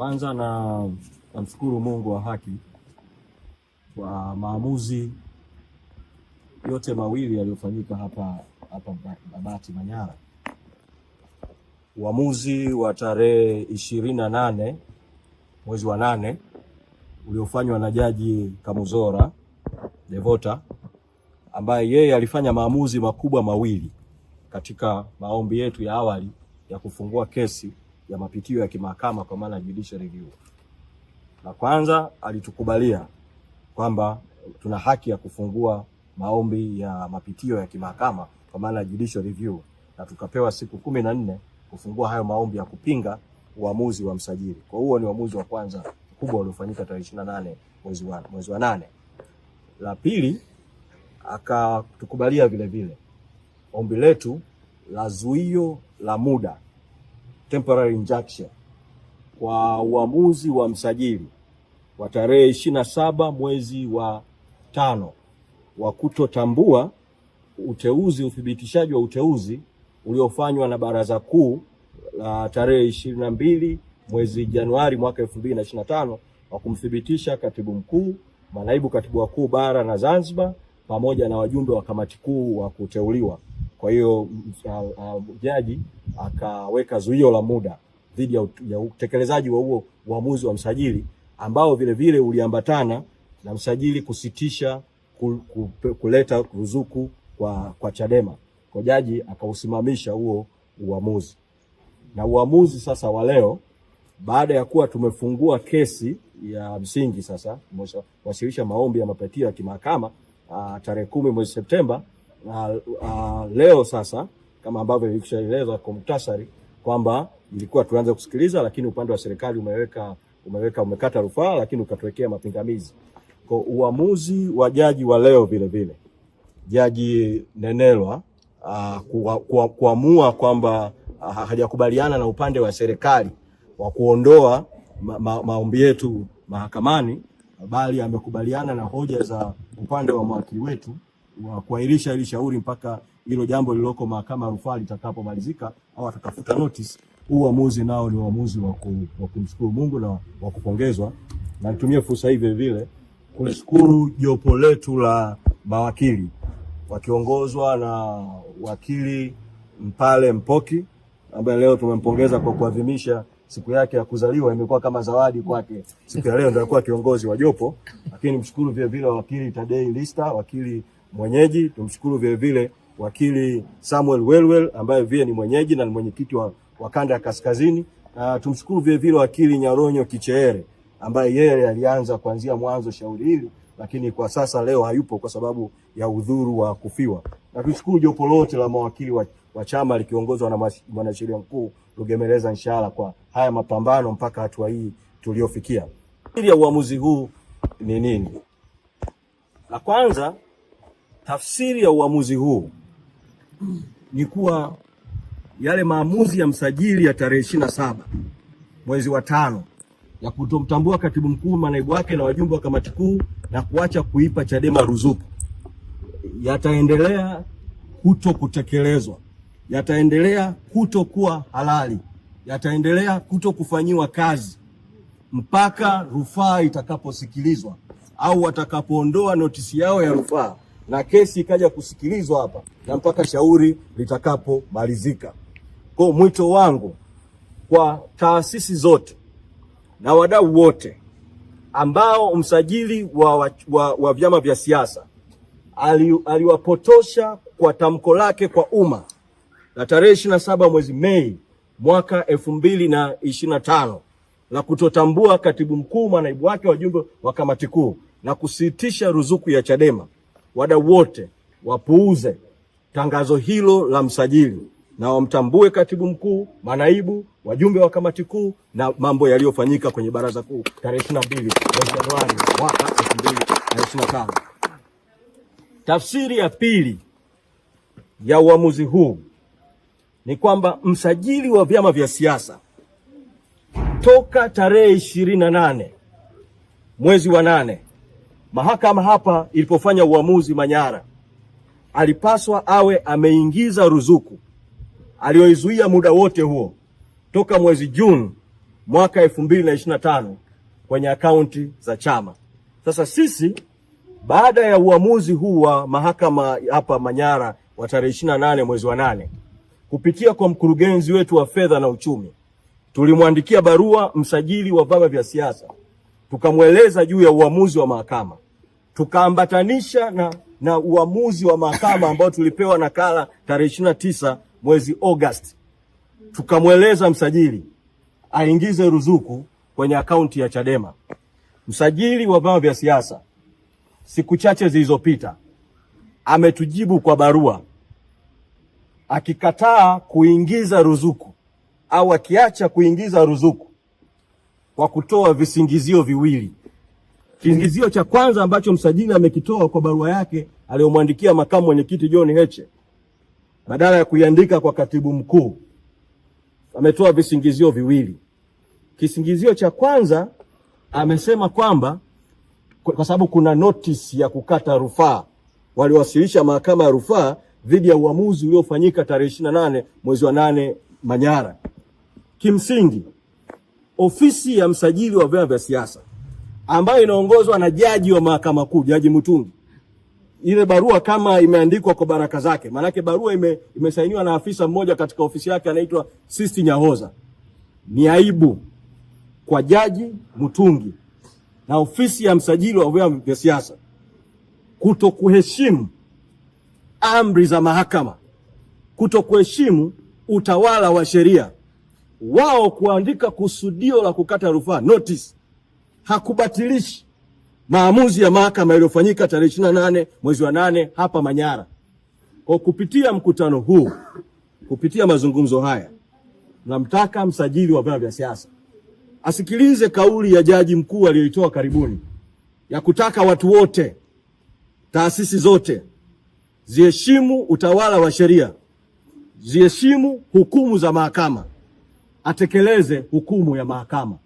Kwanza na namshukuru Mungu wa haki kwa maamuzi yote mawili yaliyofanyika hapa hapa Babati Manyara. Uamuzi wa tarehe ishirini na nane mwezi wa nane uliofanywa na Jaji Kamuzora Devota ambaye yeye alifanya maamuzi makubwa mawili katika maombi yetu ya awali ya kufungua kesi ya mapitio ya kimahakama kwa maana judicial review. Na kwanza alitukubalia kwamba tuna haki ya kufungua maombi ya mapitio ya kimahakama kwa maana ya judicial review, na tukapewa siku kumi na nne kufungua hayo maombi ya kupinga uamuzi wa msajili. Kwa huo ni uamuzi wa kwanza mkubwa uliofanyika tarehe 28 mwezi wa mwezi wa nane. La pili akatukubalia vile vile ombi letu la zuio la muda temporary injunction kwa uamuzi wa msajili wa tarehe ishirini na saba mwezi wa tano wa kutotambua uteuzi uthibitishaji wa uteuzi uliofanywa na Baraza Kuu la tarehe ishirini na mbili mwezi Januari mwaka elfu mbili na ishirini na tano wa kumthibitisha katibu mkuu, manaibu katibu wakuu bara na Zanzibar pamoja na wajumbe wa kamati kuu wa kuteuliwa. Kwa hiyo uh, uh, jaji akaweka zuio la muda dhidi ya utekelezaji wa huo uamuzi wa msajili ambao vile vile uliambatana na msajili kusitisha kuleta ruzuku kwa, kwa Chadema. Kwa jaji akausimamisha huo uamuzi, na uamuzi sasa wa leo baada ya kuwa tumefungua kesi ya msingi sasa, wasilisha maombi ya mapitio ya kimahakama uh, tarehe kumi mwezi Septemba na uh, leo sasa kama ambavyo ilikwishaelezwa kwa muhtasari kwamba ilikuwa tuanze kusikiliza, lakini upande wa serikali umeweka umeweka umekata rufaa, lakini ukatuwekea mapingamizi kwa uamuzi wa jaji wa leo, vile vile Jaji Nenelwa uh, kuamua kwamba uh, hajakubaliana na upande wa serikali wa kuondoa ma, ma, maombi yetu mahakamani, bali amekubaliana na hoja za upande wa mwakili wetu wa kuahirisha ili shauri mpaka hilo jambo lililoko mahakama ya rufaa litakapomalizika au atakafuta notice. Huu uamuzi nao ni uamuzi wa kumshukuru Mungu na wa kupongezwa, na nitumie fursa hii vile vile kushukuru jopo letu la mawakili wakiongozwa na wakili Mpale Mpoki ambaye leo tumempongeza kwa kuadhimisha siku yake ya kuzaliwa, imekuwa kama zawadi kwake. Siku ya leo ndio alikuwa kiongozi wa jopo, lakini mshukuru vile vile wakili Tadei Lista, wakili mwenyeji. Tumshukuru vilevile wakili Samuel Welwel ambaye vile ni mwenyeji na ni mwenyekiti wa, wa kanda ya kaskazini. Uh, tumshukuru vilevile wakili Nyaronyo Kicheere ambaye yeye alianza kuanzia mwanzo shauri hili, lakini kwa sasa leo hayupo kwa sababu ya udhuru wa kufiwa, na tumshukuru jopo lote la mawakili wa, wa chama likiongozwa na mwanasheria mkuu Rugemeleza Nshala kwa haya mapambano mpaka hatua hii tuliofikia. Ili ya uamuzi huu ni nini? La kwanza Tafsiri ya uamuzi huu ni kuwa yale maamuzi ya msajili ya tarehe ishirini na saba mwezi wa tano ya kutomtambua katibu mkuu, manaibu wake na wajumbe wa kamati kuu na kuacha kuipa Chadema ruzuku yataendelea kuto kutekelezwa, yataendelea kuto kuwa halali, yataendelea kuto kufanyiwa kazi mpaka rufaa itakaposikilizwa au watakapoondoa notisi yao ya rufaa na kesi ikaja kusikilizwa hapa na mpaka shauri litakapomalizika. Kwa mwito wangu kwa taasisi zote na wadau wote ambao msajili wa, wa, wa, wa vyama vya siasa aliwapotosha kwa tamko lake kwa umma la tarehe saba mwezi Mei mwaka elfu mbili na tano la kutotambua katibu mkuu, manaibu wake, wajumbe wa kamati kuu na kusitisha ruzuku ya Chadema wadau wote wapuuze tangazo hilo la msajili na wamtambue katibu mkuu, manaibu, wajumbe wa kamati kuu na mambo yaliyofanyika kwenye baraza kuu tarehe 22 mwezi Januari mwaka 2025. Tafsiri ya pili ya uamuzi huu ni kwamba msajili wa vyama vya siasa toka tarehe 28 mwezi wa nane Mahakama hapa ilipofanya uamuzi Manyara alipaswa awe ameingiza ruzuku aliyoizuia muda wote huo toka mwezi Juni mwaka 2025 kwenye akaunti za chama. Sasa sisi baada ya uamuzi huu wa mahakama hapa Manyara wa tarehe 28 mwezi wa nane kupitia kwa mkurugenzi wetu wa fedha na uchumi tulimwandikia barua msajili wa vyama vya siasa tukamweleza juu ya uamuzi wa mahakama, tukaambatanisha na, na uamuzi wa mahakama ambao tulipewa nakala tarehe ishirini na tisa mwezi Agosti, tukamweleza msajili aingize ruzuku kwenye akaunti ya Chadema. Msajili wa vyama vya siasa siku chache zilizopita ametujibu kwa barua akikataa kuingiza ruzuku au akiacha kuingiza ruzuku kwa kutoa visingizio viwili. Kisingizio cha kwanza ambacho msajili amekitoa kwa barua yake aliyomwandikia makamu mwenyekiti John Heche, badala ya kuiandika kwa katibu mkuu, ametoa visingizio viwili. Kisingizio cha kwanza amesema kwamba kwa sababu kuna notisi ya kukata rufaa waliowasilisha mahakama ya rufaa dhidi ya uamuzi uliofanyika tarehe 28 mwezi wa nane Manyara. Kimsingi ofisi ya msajili wa vyama vya siasa ambayo inaongozwa na jaji wa mahakama kuu, Jaji Mutungi, ile barua kama imeandikwa kwa baraka zake, maanake barua ime, imesainiwa na afisa mmoja katika ofisi yake anaitwa Sisti Nyahoza. Ni aibu kwa Jaji Mutungi na ofisi ya msajili wa vyama vya siasa kuto kuheshimu amri za mahakama, kuto kuheshimu utawala wa sheria wao kuandika kusudio la kukata rufaa notice hakubatilishi maamuzi ya mahakama yaliyofanyika tarehe 28 mwezi wa nane hapa Manyara. Kwa kupitia mkutano huu, kupitia mazungumzo haya, namtaka msajili wa vyama vya siasa asikilize kauli ya jaji mkuu aliyoitoa karibuni ya kutaka watu wote, taasisi zote ziheshimu utawala wa sheria, ziheshimu hukumu za mahakama atekeleze hukumu ya mahakama.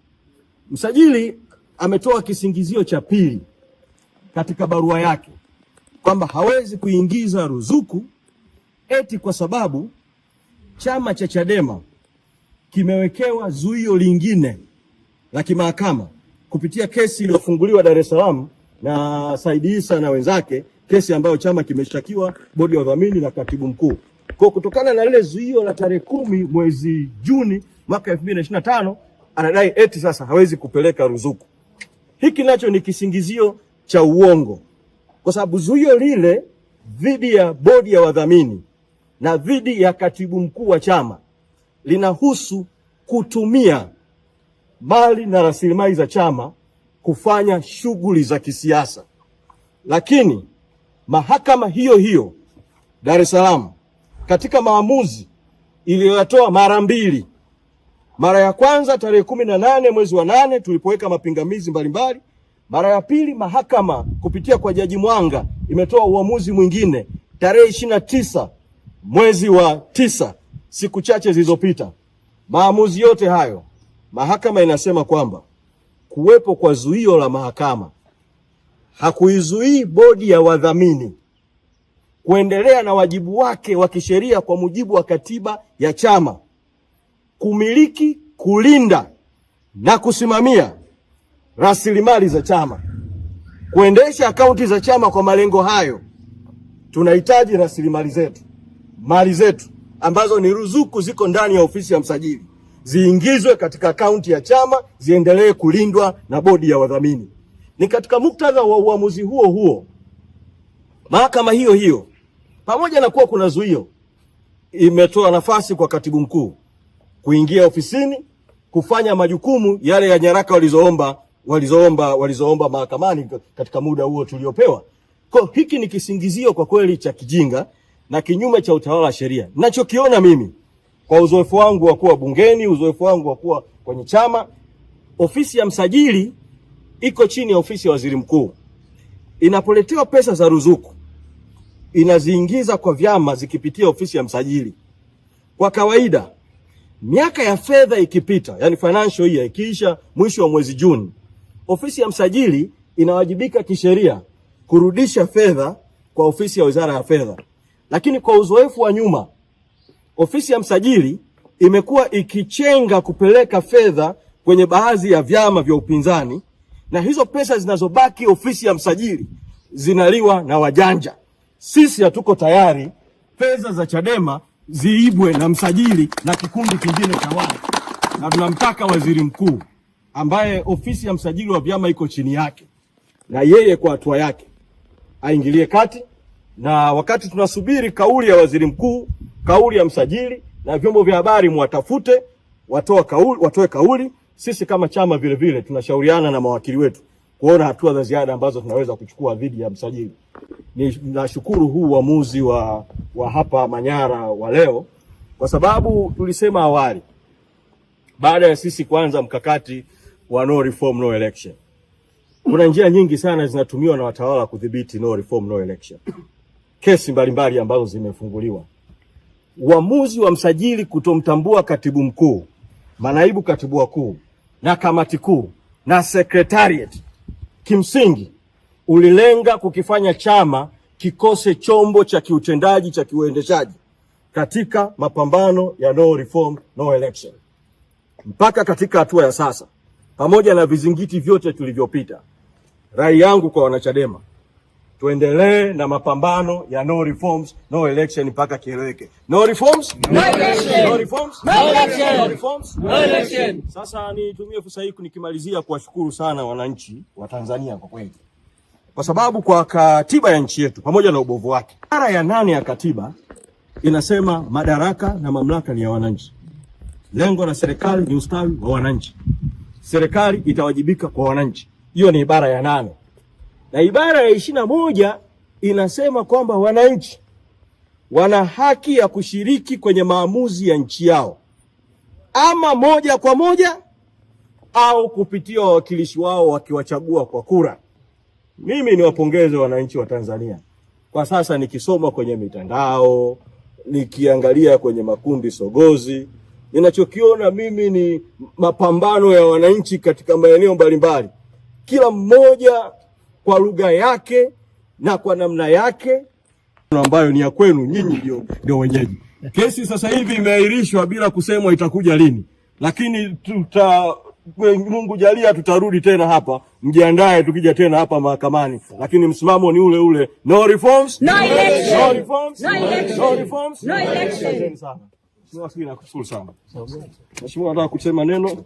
Msajili ametoa kisingizio cha pili katika barua yake kwamba hawezi kuingiza ruzuku eti kwa sababu chama cha Chadema kimewekewa zuio lingine la kimahakama kupitia kesi iliyofunguliwa Dar es Salaam na Said Isa na wenzake, kesi ambayo chama kimeshtakiwa bodi ya udhamini na katibu mkuu. Kwa kutokana na lile zuio la tarehe kumi mwezi Juni mwaka 2025 anadai eti sasa hawezi kupeleka ruzuku. Hiki nacho ni kisingizio cha uongo, kwa sababu zuio lile dhidi ya bodi ya wadhamini na dhidi ya katibu mkuu wa chama linahusu kutumia mali na rasilimali za chama kufanya shughuli za kisiasa, lakini mahakama hiyo hiyo Dar es Salaam katika maamuzi iliyoyatoa mara mbili mara ya kwanza tarehe kumi na nane mwezi wa nane tulipoweka mapingamizi mbalimbali. Mara ya pili mahakama kupitia kwa Jaji Mwanga imetoa uamuzi mwingine tarehe ishirini na tisa mwezi wa tisa, siku chache zilizopita. Maamuzi yote hayo mahakama inasema kwamba kuwepo kwa zuio la mahakama hakuizuii bodi ya wadhamini kuendelea na wajibu wake wa kisheria kwa mujibu wa katiba ya chama kumiliki, kulinda na kusimamia rasilimali za chama. Kuendesha akaunti za chama kwa malengo hayo, tunahitaji rasilimali zetu, mali zetu ambazo ni ruzuku, ziko ndani ya ofisi ya msajili, ziingizwe katika akaunti ya chama, ziendelee kulindwa na bodi ya wadhamini. Ni katika muktadha wa uamuzi huo huo, mahakama hiyo hiyo, pamoja na kuwa kuna zuio, imetoa nafasi kwa katibu mkuu kuingia ofisini kufanya majukumu yale ya nyaraka walizoomba walizoomba walizoomba mahakamani katika muda huo tuliopewa. Kwa hiki ni kisingizio kwa kweli cha kijinga na kinyume cha utawala wa sheria. Ninachokiona mimi kwa uzoefu wangu wa kuwa bungeni, uzoefu wangu wa kuwa kwenye chama, ofisi ya msajili iko chini ya ofisi ya waziri mkuu. Inapoletewa pesa za ruzuku, inaziingiza kwa vyama zikipitia ofisi ya msajili. Kwa kawaida Miaka ya fedha ikipita, yani financial year ikiisha mwisho wa mwezi Juni, ofisi ya msajili inawajibika kisheria kurudisha fedha kwa ofisi ya wizara ya fedha, lakini kwa uzoefu wa nyuma, ofisi ya msajili imekuwa ikichenga kupeleka fedha kwenye baadhi ya vyama vya upinzani, na hizo pesa zinazobaki ofisi ya msajili zinaliwa na wajanja. Sisi hatuko tayari fedha za Chadema ziibwe na msajili na kikundi kingine cha watu, na tunamtaka waziri mkuu ambaye ofisi ya msajili wa vyama iko chini yake, na yeye kwa hatua yake aingilie kati, na wakati tunasubiri kauli ya waziri mkuu, kauli ya msajili na vyombo vya habari, mwatafute watoe kauli, watoe kauli. Sisi kama chama vile vile tunashauriana na mawakili wetu kuona hatua za ziada ambazo tunaweza kuchukua dhidi ya msajili. Ninashukuru huu uamuzi wa, wa hapa Manyara wa leo, kwa sababu tulisema awali, baada ya sisi kuanza mkakati wa no reform, no election, kuna njia nyingi sana zinatumiwa na watawala kudhibiti no reform, no election, kesi mbalimbali ambazo zimefunguliwa. Uamuzi wa msajili kutomtambua katibu mkuu, manaibu katibu wakuu na kamati kuu na sekretariat kimsingi ulilenga kukifanya chama kikose chombo cha kiutendaji cha kiuendeshaji katika mapambano ya no reform, no election. Mpaka katika hatua ya sasa, pamoja na vizingiti vyote tulivyopita, rai yangu kwa Wanachadema tuendelee na mapambano ya no reforms no election mpaka kieleweke. No reforms no election, no reforms no election, no reforms no election. Sasa nitumie fursa hii nikimalizia kuwashukuru sana wananchi wa Tanzania kwa kweli, kwa sababu kwa katiba ya nchi yetu pamoja na ubovu wake, ibara ya nane ya katiba inasema madaraka na mamlaka ni ya wananchi. Lengo la serikali ni ustawi wa wananchi. Serikali itawajibika kwa wananchi. Hiyo ni ibara ya nane na ibara ya ishirini na moja inasema kwamba wananchi wana haki ya kushiriki kwenye maamuzi ya nchi yao, ama moja kwa moja au kupitia wawakilishi wao wakiwachagua kwa kura. Mimi niwapongeze wananchi wa Tanzania. Kwa sasa nikisoma kwenye mitandao, nikiangalia kwenye makundi sogozi, ninachokiona mimi ni mapambano ya wananchi katika maeneo mbalimbali, kila mmoja kwa lugha yake na kwa namna yake ambayo ni ya kwenu nyinyi, ndio ndio wenyeji. Kesi sasa hivi imeahirishwa bila kusemwa itakuja lini, lakini tuta Mungu jalia tutarudi tena hapa, mjiandae tukija tena hapa mahakamani, lakini msimamo ni ule ule, no reforms no election, no reforms no election, no reforms no election. nakushukuru sana mheshimiwa, nataka kusema neno.